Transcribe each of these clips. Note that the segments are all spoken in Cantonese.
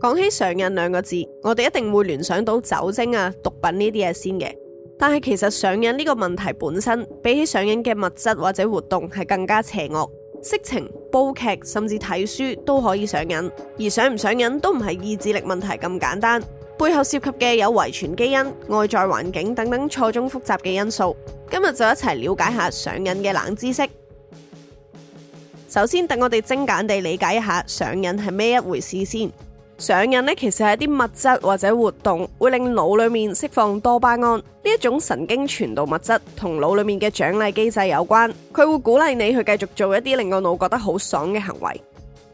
講起上癮兩個字，我哋一定會聯想到酒精啊、毒品呢啲嘢先嘅。但係其實上癮呢個問題本身，比起上癮嘅物質或者活動係更加邪惡。色情、煲劇甚至睇書都可以上癮，而上唔上癮都唔係意志力問題咁簡單，背後涉及嘅有遺傳基因、外在環境等等錯綜複雜嘅因素。今日就一齊了解下上癮嘅冷知識。首先，等我哋精簡地理解一下上癮係咩一回事先。上癮呢，其實係一啲物質或者活動會令腦裏面釋放多巴胺呢一種神經傳導物質，同腦裏面嘅獎勵機制有關。佢會鼓勵你去繼續做一啲令個腦覺得好爽嘅行為。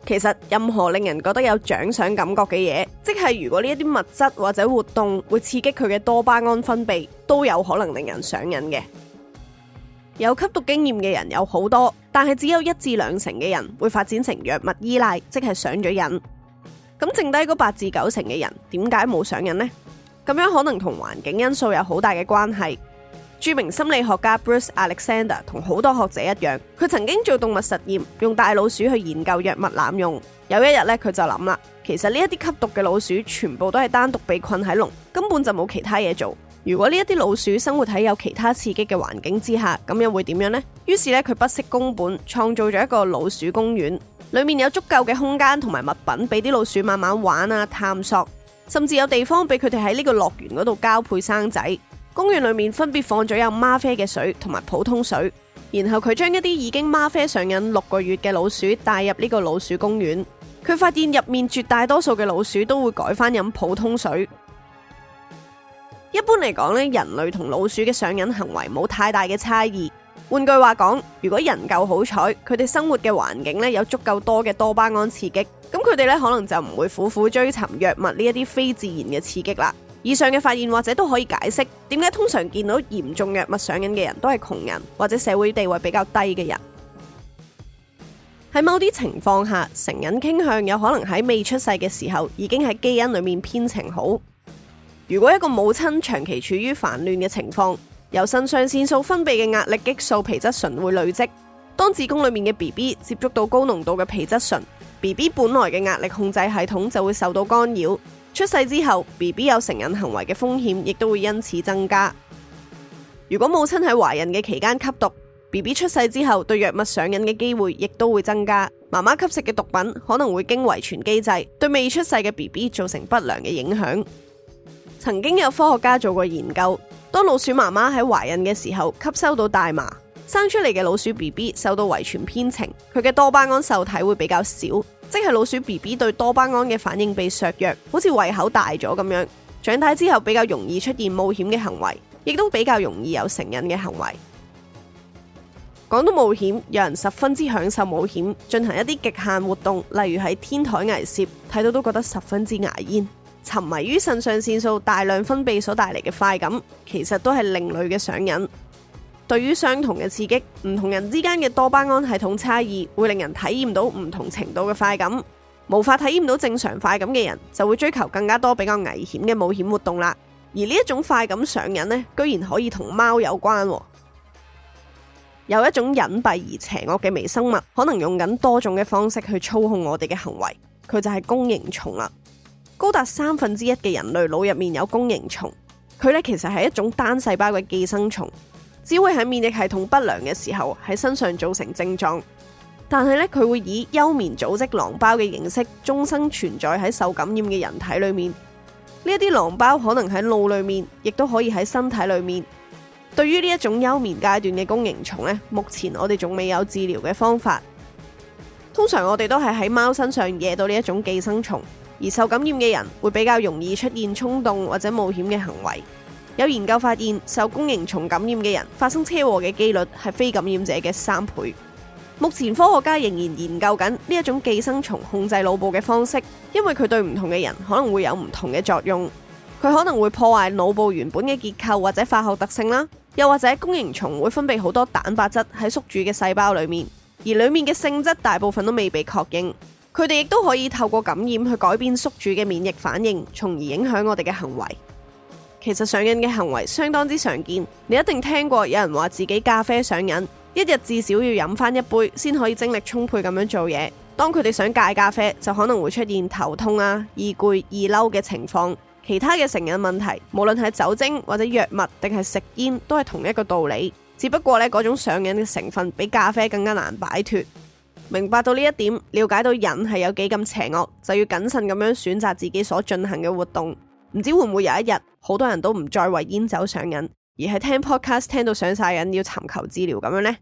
其實任何令人覺得有獎賞感覺嘅嘢，即係如果呢一啲物質或者活動會刺激佢嘅多巴胺分泌，都有可能令人上癮嘅。有吸毒經驗嘅人有好多，但係只有一至兩成嘅人會發展成藥物依賴，即係上咗癮。咁剩低嗰八至九成嘅人，點解冇上癮呢？咁樣可能同環境因素有好大嘅關係。著名心理學家 Bruce Alexander 同好多學者一樣，佢曾經做動物實驗，用大老鼠去研究藥物濫用。有一日咧，佢就諗啦，其實呢一啲吸毒嘅老鼠全部都係單獨被困喺籠，根本就冇其他嘢做。如果呢一啲老鼠生活喺有其他刺激嘅環境之下，咁樣會點樣呢？於是咧，佢不惜工本，創造咗一個老鼠公園。裏面有足夠嘅空間同埋物品俾啲老鼠慢慢玩啊、探索，甚至有地方俾佢哋喺呢個樂園嗰度交配生仔。公園裏面分別放咗有嗎啡嘅水同埋普通水，然後佢將一啲已經嗎啡上癮六個月嘅老鼠帶入呢個老鼠公園，佢發現入面絕大多數嘅老鼠都會改翻飲普通水。一般嚟講呢，人類同老鼠嘅上癮行為冇太大嘅差異。換句話講，如果人夠好彩，佢哋生活嘅環境呢，有足夠多嘅多巴胺刺激，咁佢哋呢可能就唔會苦苦追尋藥物呢一啲非自然嘅刺激啦。以上嘅發現或者都可以解釋點解通常見到嚴重藥物上癮嘅人都係窮人或者社會地位比較低嘅人。喺某啲情況下，成癮傾向有可能喺未出世嘅時候已經喺基因裏面編程好。如果一個母親長期處於煩亂嘅情況，由腎上腺素分泌嘅壓力激素皮質醇會累積，當子宮裏面嘅 B B 接觸到高濃度嘅皮質醇，B B 本來嘅壓力控制系統就會受到干擾。出世之後，B B 有成癮行為嘅風險，亦都會因此增加。如果母親喺懷孕嘅期間吸毒，B B 出世之後對藥物上癮嘅機會亦都會增加。媽媽吸食嘅毒品可能會經遺傳機制對未出世嘅 B B 造成不良嘅影響。曾經有科學家做過研究。當老鼠媽媽喺懷孕嘅時候吸收到大麻，生出嚟嘅老鼠 B B 受到遺傳編程，佢嘅多巴胺受體會比較少，即係老鼠 B B 對多巴胺嘅反應被削弱，好似胃口大咗咁樣。長大之後比較容易出現冒險嘅行為，亦都比較容易有成癮嘅行為。講到冒險，有人十分之享受冒險，進行一啲極限活動，例如喺天台危攝，睇到都覺得十分之牙煙。沉迷於腎上腺素大量分泌所帶嚟嘅快感，其實都係另類嘅上癮。對於相同嘅刺激，唔同人之間嘅多巴胺系統差異，會令人體驗到唔同程度嘅快感。無法體驗到正常快感嘅人，就會追求更加多比較危險嘅冒險活動啦。而呢一種快感上癮呢，居然可以同貓有關。有一種隱蔽而邪惡嘅微生物，可能用緊多種嘅方式去操控我哋嘅行為。佢就係弓形蟲啦。高達三分之一嘅人類腦入面有弓形蟲，佢咧其實係一種單細胞嘅寄生蟲，只會喺免疫系統不良嘅時候喺身上造成症狀。但係咧佢會以休眠組織囊包嘅形式，終生存在喺受感染嘅人體裏面。呢一啲囊包可能喺腦裏面，亦都可以喺身體裏面。對於呢一種休眠階段嘅弓形蟲咧，目前我哋仲未有治療嘅方法。通常我哋都係喺貓身上惹到呢一種寄生蟲。而受感染嘅人會比較容易出現衝動或者冒險嘅行為。有研究發現，受弓形蟲感染嘅人發生車禍嘅幾率係非感染者嘅三倍。目前科學家仍然研究緊呢一種寄生蟲控制腦部嘅方式，因為佢對唔同嘅人可能會有唔同嘅作用。佢可能會破壞腦部原本嘅結構或者化學特性啦，又或者弓形蟲會分泌好多蛋白質喺宿主嘅細胞裏面，而裏面嘅性質大部分都未被確認。佢哋亦都可以透過感染去改變宿主嘅免疫反應，從而影響我哋嘅行為。其實上癮嘅行為相當之常見，你一定聽過有人話自己咖啡上癮，一日至少要飲返一杯先可以精力充沛咁樣做嘢。當佢哋想戒咖啡，就可能會出現頭痛啊、易攰、易嬲嘅情況。其他嘅成癮問題，無論係酒精或者藥物定係食煙，都係同一個道理，只不過呢嗰種上癮嘅成分比咖啡更加難擺脫。明白到呢一點，了解到人係有幾咁邪惡，就要謹慎咁樣選擇自己所進行嘅活動。唔知會唔會有一日，好多人都唔再為煙酒上癮，而係聽 podcast 聽到上晒癮，要尋求治療咁樣呢？